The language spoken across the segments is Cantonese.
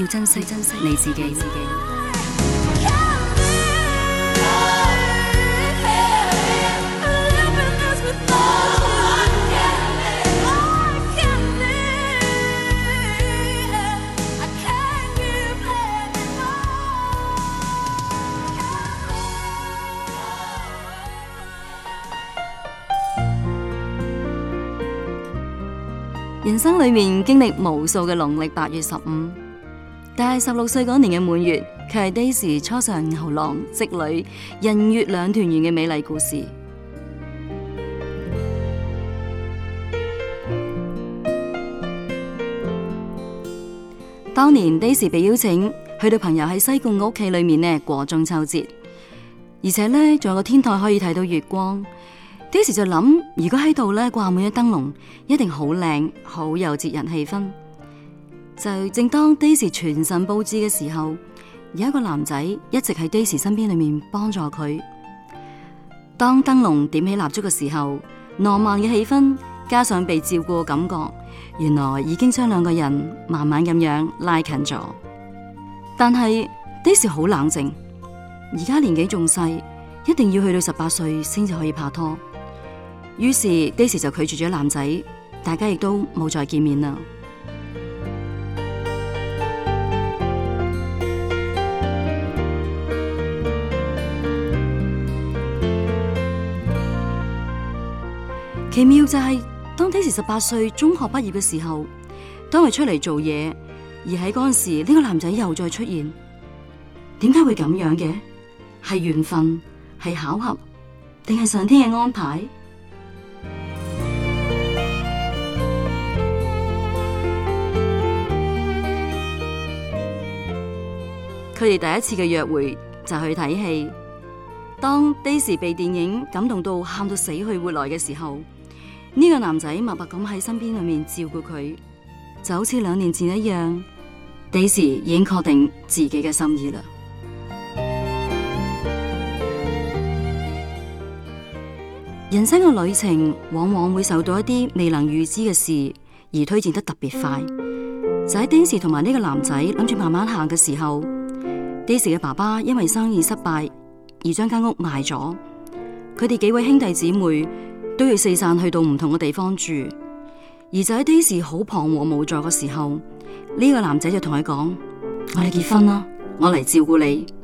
要珍惜珍惜你自己。人生裏面經歷無數嘅農曆八月十五。但係十六歲嗰年嘅滿月，佢係 Daisy 初上牛郎織女人月兩團圓嘅美麗故事。當年 Daisy 被邀請去到朋友喺西貢嘅屋企裏面呢過中秋節，而且呢，仲有個天台可以睇到月光。Daisy 就諗，如果喺度呢掛滿咗燈籠，一定好靚，好有節日氣氛。就正當 Daisy 全神布置嘅時候，有一個男仔一直喺 Daisy 身邊裏面幫助佢。當燈籠點起蠟燭嘅時候，浪漫嘅氣氛加上被照顧嘅感覺，原來已經將兩個人慢慢咁樣拉近咗。但係 Daisy 好冷靜，而家年紀仲細，一定要去到十八歲先至可以拍拖。於是 Daisy 就拒絕咗男仔，大家亦都冇再見面啦。奇妙就係、是、當 Daisy 十八歲中學畢業嘅時候，當佢出嚟做嘢，而喺嗰陣時呢、呢個男仔又再出現，點解會咁樣嘅？係緣分，係巧合，定係上天嘅安排？佢哋第一次嘅約會就去睇戲，當 Daisy 被電影感動到喊到死去活來嘅時候。呢個男仔默默咁喺身邊裏面照顧佢，就好似兩年前一樣。Daisy 已經確定自己嘅心意啦。人生嘅旅程往往會受到一啲未能預知嘅事而推薦得特別快。就喺 Daisy 同埋呢個男仔諗住慢慢行嘅時候，Daisy 嘅爸爸因為生意失敗而將間屋賣咗，佢哋幾位兄弟姊妹，都要四散去到唔同嘅地方住，而就喺呢時好彷徨無助嘅時候，呢、這個男仔就同佢講：我哋結婚啦，我嚟照顧你。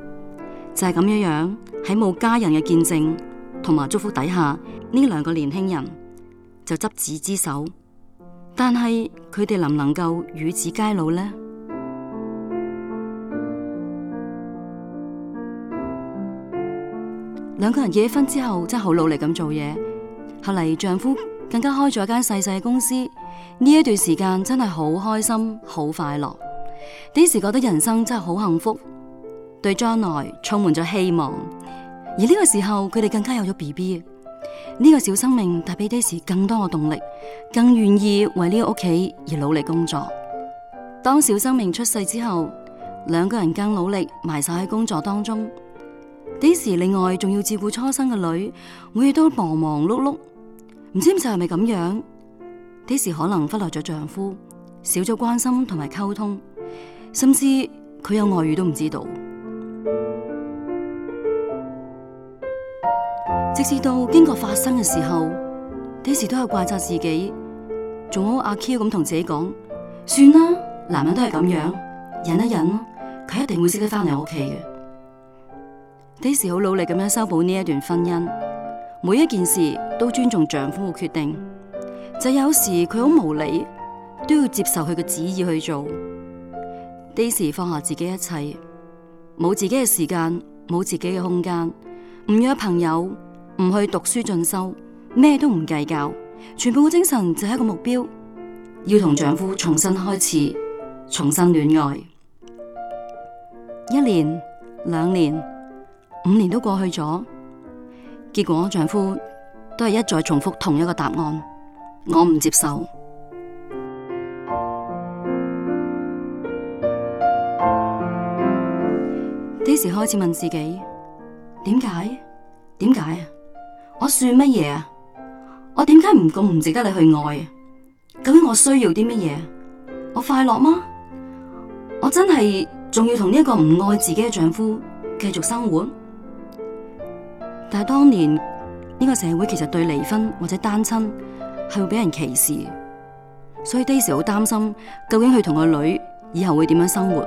就係咁樣樣，喺冇家人嘅見證同埋祝福底下，呢兩個年輕人就執子之手。但係佢哋能唔能夠與子偕老呢？兩個人結婚之後，真係好努力咁做嘢。後嚟丈夫更加開咗一間細細嘅公司，呢一段時間真係好開心、好快樂。Daisy 覺得人生真係好幸福，對將來充滿咗希望。而呢個時候佢哋更加有咗 B B，呢、這個小生命帶俾 Daisy 更多嘅動力，更願意為呢個屋企而努力工作。當小生命出世之後，兩個人更努力埋晒喺工作當中。Daisy 另外仲要照顧初生嘅女，每日都忙忙碌碌,碌。唔知就係咪咁樣？幾時可能忽略咗丈夫，少咗關心同埋溝通，甚至佢有外遇都唔知道。 直至到經過發生嘅時候，幾 時都係怪責自己，仲好阿 Q 咁同自己講： 算啦，男人都係咁樣，忍一忍，佢一定會識得翻嚟屋企嘅。幾時好努力咁樣修補呢一段婚姻。每一件事都尊重丈夫嘅決定，就有時佢好無理，都要接受佢嘅旨意去做。啲時放下自己一切，冇自己嘅時間，冇自己嘅空間，唔約朋友，唔去讀書進修，咩都唔計較，全部嘅精神就係一個目標，要同丈夫重新開始，重新戀愛。一年、兩年、五年都過去咗。結果我丈夫都係一再重複同一個答案，我唔接受。這時開始問自己：點解？點解啊？我算乜嘢啊？我點解唔咁唔值得你去愛？究竟我需要啲乜嘢？我快樂嗎？我真係仲要同呢個唔愛自己嘅丈夫繼續生活？但係當年呢個社會其實對離婚或者單親係會俾人歧視，所以 Daisy 好擔心，究竟佢同個女以後會點樣生活？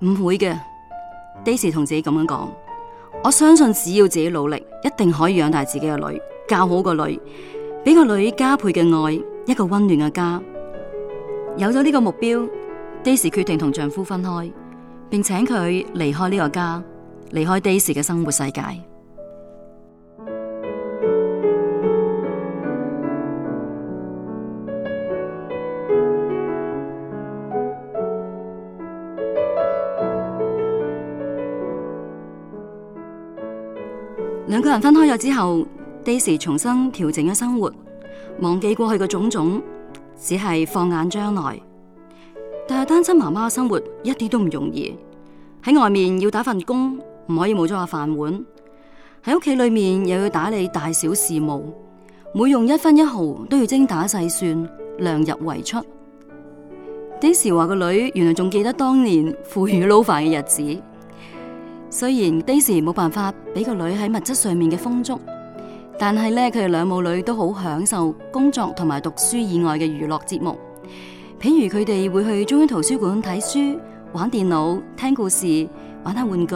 唔 會嘅，Daisy 同自己咁樣講。我相信只要自己努力，一定可以養大自己嘅女，教好個女，俾個女加倍嘅愛，一個溫暖嘅家。有咗呢個目標，Daisy 決定同丈夫分開，並請佢離開呢個家，離開 Daisy 嘅生活世界。兩個人分開咗之後，Daisy 重新調整咗生活，忘記過去嘅種種，只係放眼將來。但係單親媽媽嘅生活一啲都唔容易，喺外面要打份工，唔可以冇咗個飯碗；喺屋企裏面又要打理大小事務，每用一分一毫都要精打細算，量入為出。Daisy 話個女原來仲記得當年腐乳撈飯嘅日子。雖然爹哋冇辦法俾個女喺物質上面嘅豐足，但係咧，佢哋兩母女都好享受工作同埋讀書以外嘅娛樂節目。譬如佢哋會去中央圖書館睇書、玩電腦、聽故事、玩下玩具；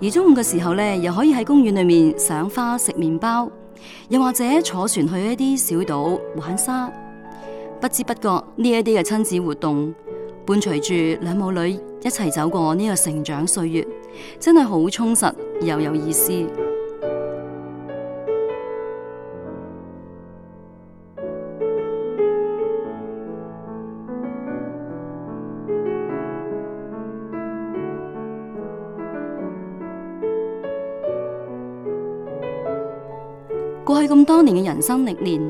而中午嘅時候咧，又可以喺公園裏面賞花、食麵包，又或者坐船去一啲小島玩沙。不知不覺，呢一啲嘅親子活動伴隨住兩母女一齊走過呢個成長歲月。真係好充實，又有意思。過去咁多年嘅人生歷練，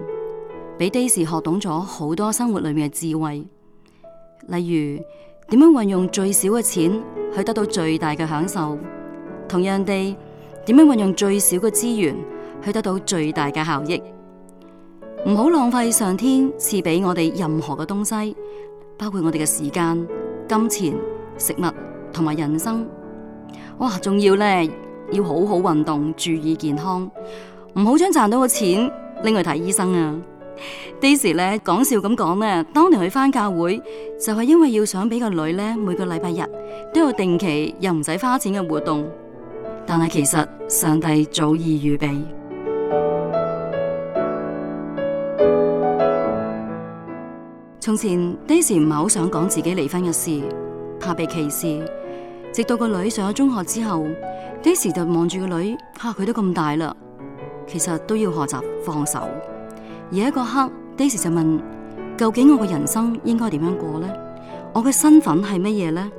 俾 Daisy 學懂咗好多生活裏面嘅智慧，例如點樣運用最少嘅錢。去得到最大嘅享受，同樣地，點樣運用最少嘅資源去得到最大嘅效益？唔好浪費上天賜俾我哋任何嘅東西，包括我哋嘅時間、金錢、食物同埋人生。哇，仲要咧，要好好運動，注意健康，唔好將賺到嘅錢拎去睇醫生啊！Daisy 咧講笑咁講呢，當年去翻教會就係、是、因為要想俾個女咧每個禮拜日都有定期又唔使花錢嘅活動，但係其實上帝早已預備。從前，Daisy 唔係好想講自己離婚嘅事，怕被歧視。直到個女上咗中學之後，Daisy 就望住個女，吓、啊、佢都咁大啦，其實都要學習放手。而一個刻，Daisy 就問：究竟我嘅人生應該點樣過呢？我嘅身份係咩嘢呢？」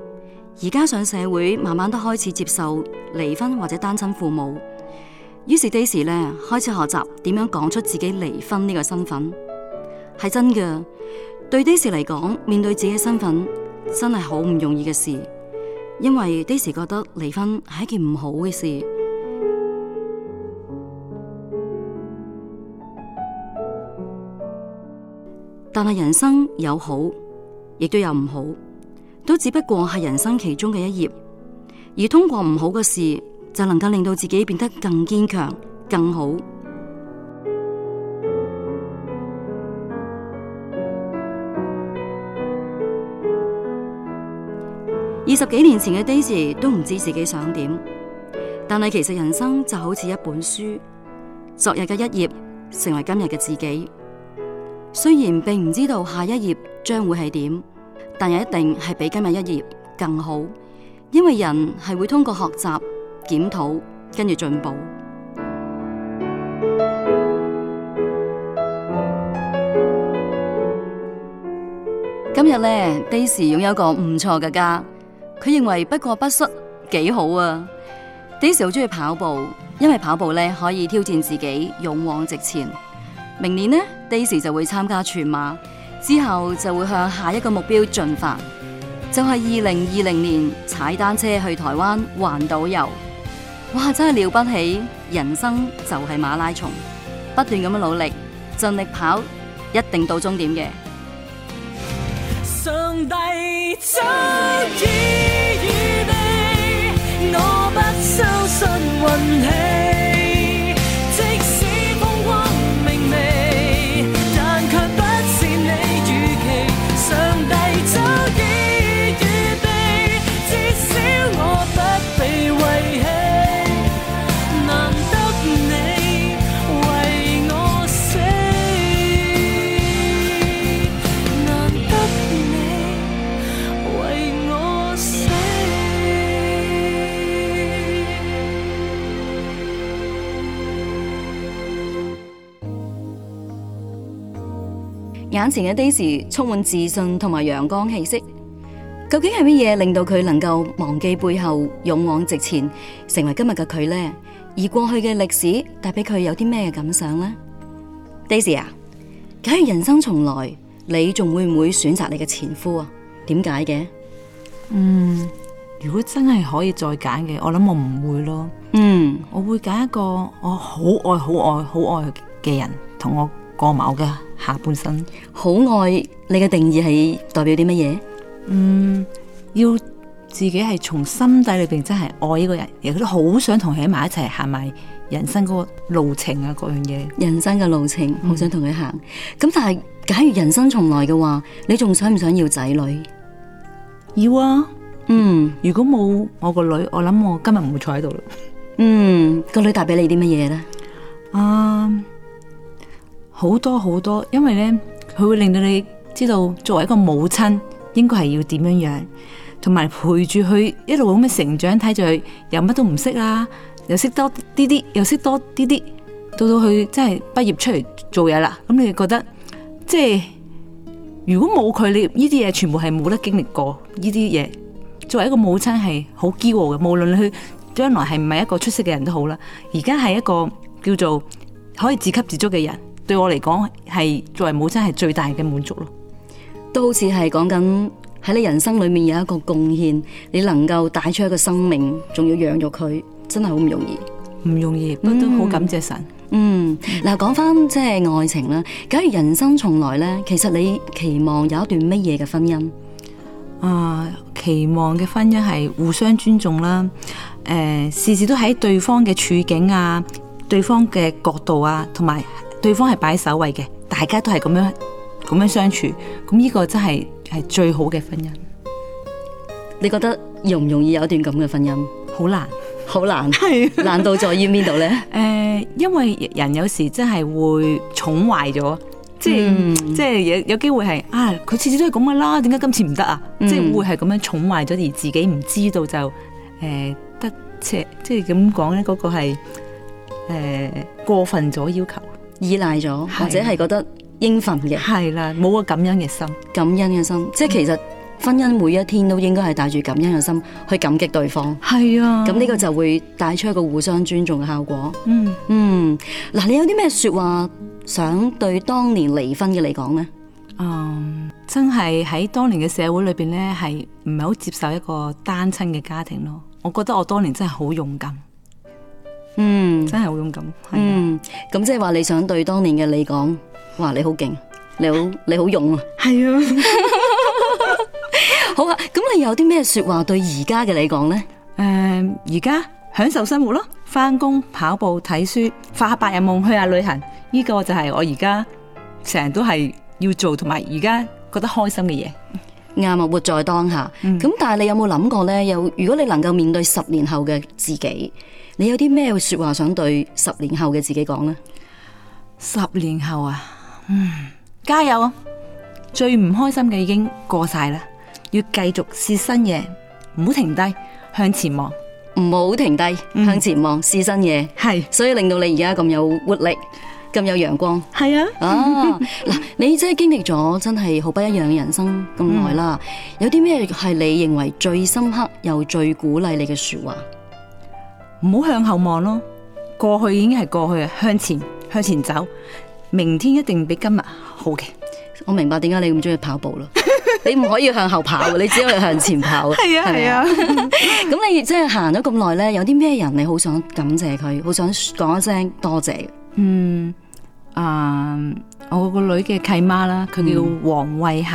而家上社會慢慢都開始接受離婚或者單親父母，於是 Daisy 呢開始學習點樣講出自己離婚呢個身份係真嘅。對 Daisy 嚟講，面對自己的身份真係好唔容易嘅事，因為 Daisy 覺得離婚係一件唔好嘅事。但係人生有好，亦都有唔好，都只不過係人生其中嘅一頁。而通過唔好嘅事，就能夠令到自己變得更堅強、更好。二十幾年前嘅 Daisy 都唔知自己想點，但係其實人生就好似一本書，昨日嘅一頁成為今日嘅自己。雖然並唔知道下一頁將會係點，但又一定係比今日一頁更好，因為人係會通過學習、檢討跟住進步。 今日呢，Daisy 擁有一個唔錯嘅家，佢認為不過不失幾好啊。Daisy 好中意跑步，因為跑步呢可以挑戰自己，勇往直前。明年呢 Daisy 就會參加全馬，之後就會向下一個目標進發，就係二零二零年踩單車去台灣環島遊。哇，真係了不起！人生就係馬拉松，不斷咁樣努力，盡力跑，一定到終點嘅。上帝眼前嘅 Daisy 充滿自信同埋陽光氣息，究竟係乜嘢令到佢能夠忘記背後，勇往直前，成為今日嘅佢呢？而過去嘅歷史帶俾佢有啲咩感想呢？Daisy 啊，假如人生重來，你仲會唔會選擇你嘅前夫啊？點解嘅？嗯，如果真係可以再揀嘅，我諗我唔會咯。嗯，我會揀一個我好愛、好愛、好愛嘅人同我過某噶。下半生好愛你嘅定義係代表啲乜嘢？嗯，要自己係從心底裏邊真係愛呢個人，亦都好想同佢喺埋一齊行埋人生嗰個路程啊，各樣嘢。人生嘅路程，好想同佢行。咁、嗯、但係，假如人生重來嘅話，你仲想唔想要仔女？要啊。嗯，如果冇我個女，我諗我今日唔會坐喺度啦。嗯，個女帶俾你啲乜嘢咧？啊。好多好多，因為呢，佢會令到你知道，作為一個母親，應該係要點樣樣，同埋陪住佢一路咁樣成長，睇住佢又乜都唔識啦，又識多啲啲，又識多啲啲，到到佢真係畢業出嚟做嘢啦，咁你覺得，即係如果冇佢，你呢啲嘢全部係冇得經歷過，呢啲嘢，作為一個母親係好驕傲嘅，無論佢將來係唔係一個出色嘅人都好啦，而家係一個叫做可以自給自足嘅人。對我嚟講，係作為母親係最大嘅滿足咯，都好似係講緊喺你人生裏面有一個貢獻，你能夠帶出一個生命，仲要養育佢，真係好唔容易，唔容易，不過都好感謝神。嗯，嗱、嗯，講翻即係愛情啦，假如人生從來咧，其實你期望有一段乜嘢嘅婚姻啊，呃，期望嘅婚姻係互相尊重啦，誒、呃，事事都喺對方嘅處境啊，對方嘅角度啊，同埋。對方係擺喺首位嘅，大家都係咁樣咁樣相處，咁呢個真係係最好嘅婚姻。你覺得容唔容易有段咁嘅婚姻？好難，好難，係 難度在於邊度咧？誒、 呃，因為人有時真係會寵壞咗，嗯、即係即係有有機會係啊，佢次次都係咁嘅啦，點解今次唔得啊？嗯、即係會係咁樣寵壞咗，而自己唔知道就誒、呃、得戚即係咁講咧，嗰、那個係誒、呃、過分咗要求。依賴咗，或者係覺得應份嘅，係啦，冇個感恩嘅心，感恩嘅心，即係其實婚姻每一天都應該係帶住感恩嘅心去感激對方，係啊的，咁呢個就會帶出一個互相尊重嘅效果。嗯嗯，嗱、嗯，你有啲咩說話想對當年離婚嘅嚟講呢？嗯，真係喺當年嘅社會裏邊呢，係唔係好接受一個單親嘅家庭咯？我覺得我當年真係好勇敢。嗯，真係好勇敢。嗯，咁即係話你想對當年嘅你講，哇，你好勁，你好、啊、你好勇啊。係啊是的， 好啊。咁你有啲咩說話對而家嘅你講呢？誒、呃，而家享受生活咯，返工跑步、睇書、發下白日夢、去下旅行。呢、這個就係我而家成日都係要做同埋而家覺得開心嘅嘢。啱，我活在當下，咁、嗯、但係你有冇諗過呢？有如果你能夠面對十年後嘅自己，你有啲咩說話想對十年後嘅自己講呢？十年後啊，嗯，加油、啊！最唔開心嘅已經過晒啦，要繼續試新嘢，唔好停低向前望，唔好停低、嗯、向前望試新嘢，係是所以令到你而家咁有活力。咁有陽光，係啊！啊嗱，你真係經歷咗真係好不一樣嘅人生咁耐啦。嗯、有啲咩係你認為最深刻又最鼓勵你嘅説話？唔好向後望咯，過去已經係過去啊！向前，向前走，明天一定比今日好嘅。我明白點解你咁中意跑步咯？ 你唔可以向後跑，你只可以向前跑。係 啊，係吧啊。咁 你即係行咗咁耐咧，有啲咩人你好想感謝佢，好想講一聲多謝，謝？嗯。啊！Uh, 我個女嘅契媽啦，佢叫黃慧嫻，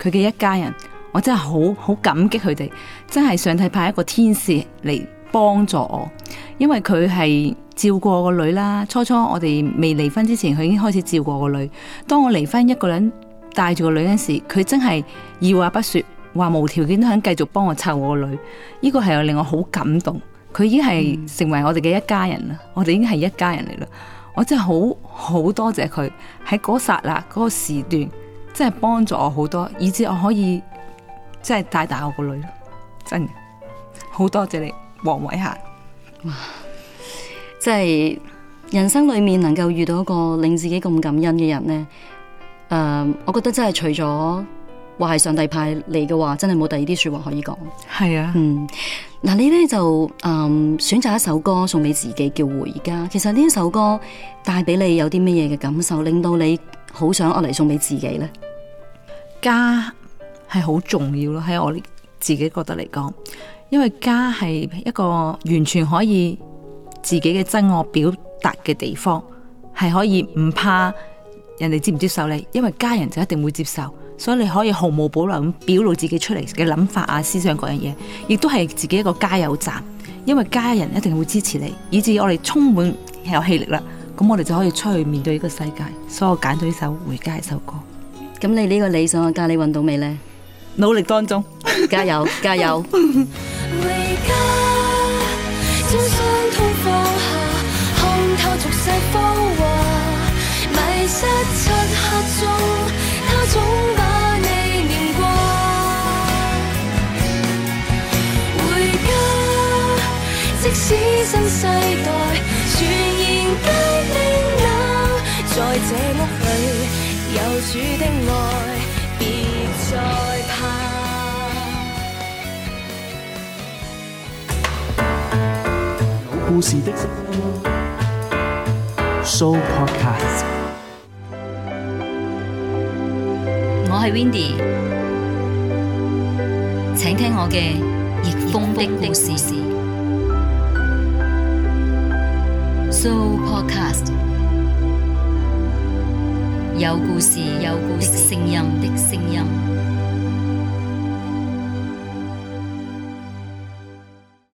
佢嘅一家人，我真係好好感激佢哋，真係上帝派一個天使嚟幫助我，因為佢係照顧個女啦。初初我哋未離婚之前，佢已經開始照顧個女。當我離婚一個人帶住個女嗰時，佢真係二話不說，話無條件都肯繼續幫我湊我個女。呢個係又令我好感動，佢已經係成為我哋嘅一家人啦，mm. 我哋已經係一家人嚟啦。我真係好好多謝佢喺嗰剎那嗰、那個時段，真係幫助我好多，以至我可以即係帶大我個女咯，真嘅好多謝你，王偉恒。哇！即、就、係、是、人生裏面能夠遇到一個令自己咁感恩嘅人咧，誒，我覺得真係除咗。話係上帝派嚟嘅話，真係冇第二啲說話可以講。係啊嗯那，嗯，嗱，你呢就嗯選擇一首歌送俾自己叫回家。其實呢首歌帶俾你有啲咩嘢嘅感受，令到你好想攞嚟送俾自己呢？「家」係好重要咯，喺我自己覺得嚟講，因為家係一個完全可以自己嘅真我表達嘅地方，係可以唔怕人哋接唔接受你，因為家人就一定會接受。所以你可以毫無保留咁表露自己出嚟嘅諗法啊、思想各樣嘢，亦都係自己一個加油站，因為家人一定會支持你，以至我哋充滿有氣力啦。咁我哋就可以出去面對呢個世界。所以我揀到呢首《回家》一首歌。咁你呢個理想嘅家，你搵到未呢？努力當中，加油加油！回 家，將傷痛放下，看透俗世風華，迷失漆黑中。總把你念掛，回家。即使新世代傳言皆冰冷，在這屋裡有主的愛，別再怕。有故事的 Soul Podcast 係 Windy，請聽我嘅逆風的故事。So podcast 有故事，有故事，聲音的聲音。